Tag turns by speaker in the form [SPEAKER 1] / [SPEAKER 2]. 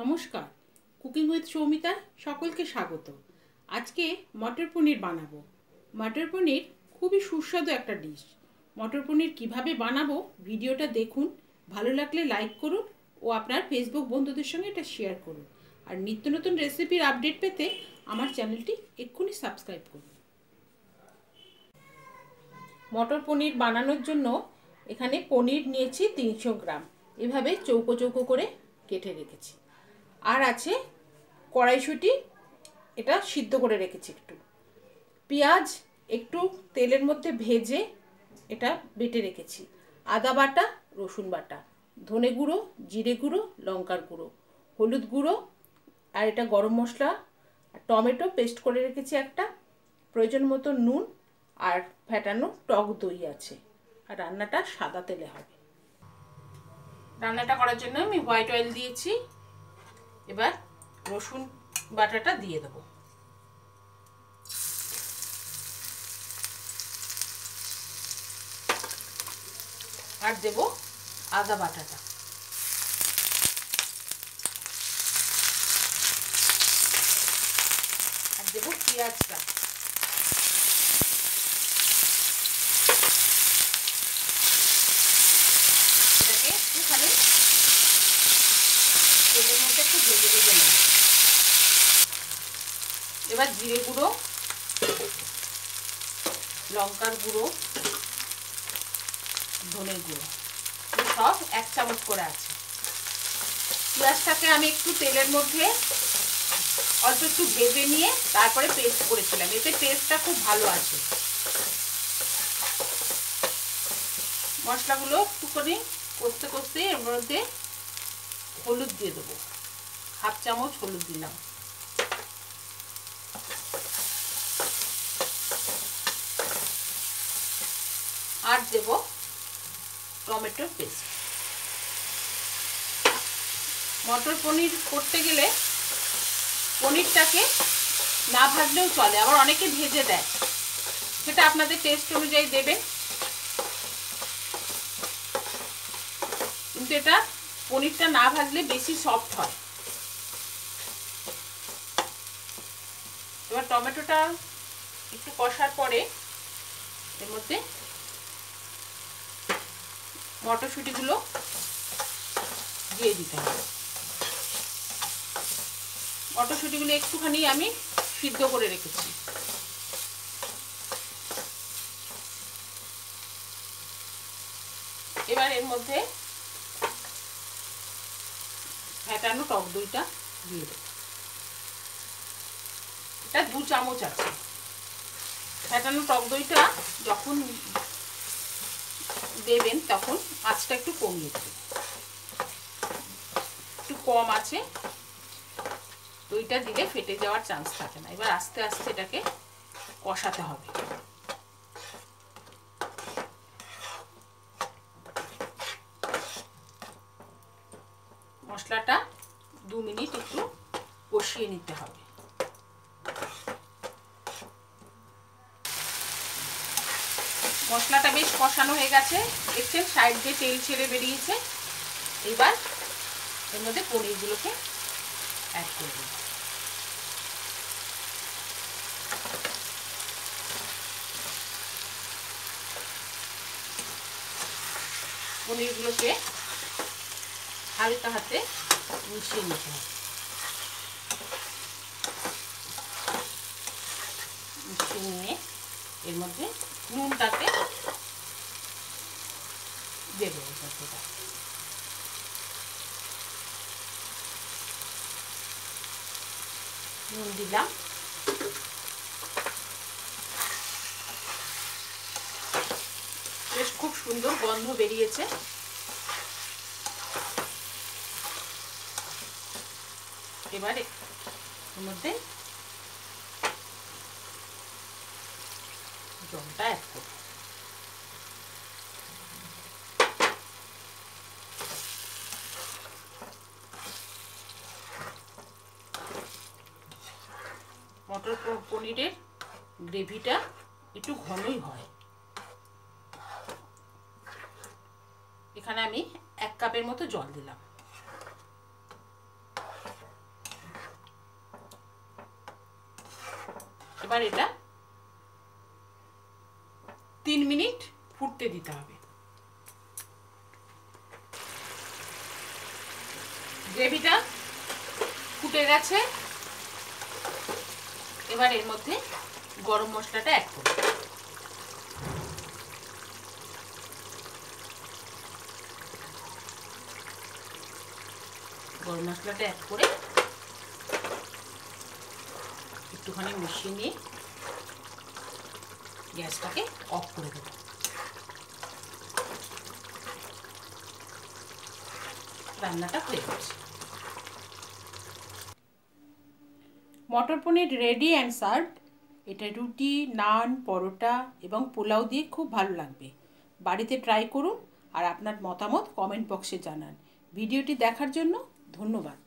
[SPEAKER 1] নমস্কার cooking with সৌমিতার সকলকে স্বাগত আজকে মটর পনির বানাবো মটর পনির খুবই সুস্বাদু একটা ডিশ মটর পনির কীভাবে বানাবো ভিডিওটা দেখুন ভালো লাগলে লাইক করুন ও আপনার ফেসবুক বন্ধুদের সঙ্গে এটা শেয়ার করুন আর নিত্য নতুন রেসিপির আপডেট পেতে আমার চ্যানেলটি এক্ষুনি সাবস্ক্রাইব করুন মটর পনির বানানোর জন্য এখানে পনির নিয়েছি তিনশো গ্রাম এভাবে চৌকো চৌকো করে কেটে রেখেছি আর আছে কড়াইশুটি এটা সিদ্ধ করে রেখেছি একটু পেঁয়াজ একটু তেলের মধ্যে ভেজে এটা বেটে রেখেছি আদা বাটা রসুন বাটা ধনে গুঁড়ো জিরে গুঁড়ো লঙ্কার গুঁড়ো হলুদ গুঁড়ো আর এটা গরম মশলা টমেটো পেস্ট করে রেখেছি একটা প্রয়োজন মতো নুন আর ফ্যাটানো টক দই আছে আর রান্নাটা সাদা তেলে হবে রান্নাটা করার জন্য আমি হোয়াইট অয়েল দিয়েছি এবার রসুন বাটাটা দিয়ে দেবো আর দেব আদা বাটাটা আর দেব পেঁয়াজটা তেলের মধ্যে একটু ভেজে ভেজে নেব এবার জিরে গুঁড়ো লঙ্কার গুঁড়ো ধনের গুঁড়ো সব এক চামচ করে আছে পেঁয়াজটাকে আমি একটু তেলের মধ্যে অল্প একটু ভেজে নিয়ে তারপরে পেস্ট করেছিলাম এতে পেস্টটা খুব ভালো আছে মশলাগুলো একটুখানি কষতে কষতে এর মধ্যে হলুদ দিয়ে দেবো হাফ চামচ হলুদ দিলাম আর দেব টমেটোর পেস্ট মটর পনির করতে গেলে পনিরটাকে না ভাজলেও চলে আবার অনেকে ভেজে দেয় সেটা আপনাদের টেস্ট অনুযায়ী দেবেন কিন্তু এটা পনিরটা না ভাজলে বেশি সফট হয় এবার টমেটোটা একটু কষার পরে এর মধ্যে মটরশুঁটিগুলো দিয়ে দিতে হবে মটরশুঁটিগুলো একটুখানি আমি সিদ্ধ করে রেখেছি এবার এর মধ্যে ফ্যাটানো টক দইটা দিয়ে দেব এটা দু চামচ আছে ফ্যাটানো টক দইটা যখন দেবেন তখন আঁচটা একটু কমিয়ে দেবে একটু কম আছে দইটা দিলে ফেটে যাওয়ার চান্স থাকে না এবার আস্তে আস্তে এটাকে কষাতে হবে মশলাটা দু মিনিট একটু কষিয়ে নিতে হবে মশলাটা বেশ কষানো হয়ে গেছে দেখছেন সাইড দিয়ে তেল ছেড়ে বেরিয়েছে এবার এর মধ্যে পনিরগুলোকে অ্যাড করব পনিরগুলোকে হালকা হাতে মিশিয়ে নিতে হবে নিয়ে এর মধ্যে নুন দিলাম বেশ খুব সুন্দর গন্ধ বেরিয়েছে এবারে মধ্যে জলটা অ্যাড করব মটর পনিরের গ্রেভিটা একটু ঘনই হয় এখানে আমি এক কাপের মতো জল দিলাম এবার এটা তিন মিনিট ফুটতে দিতে হবে গ্রেভিটা ফুটে গেছে এবার এর মধ্যে গরম মশলাটা এক গরম মশলাটা অ্যাড করে একটুখানি মিশিয়ে নিয়ে গ্যাসটাকে অফ করে দেব রান্নাটা হয়ে গেছে মটর পনির রেডি অ্যান্ড সার্ভ এটা রুটি নান পরোটা এবং পোলাও দিয়ে খুব ভালো লাগবে বাড়িতে ট্রাই করুন আর আপনার মতামত কমেন্ট বক্সে জানান ভিডিওটি দেখার জন্য ধন্যবাদ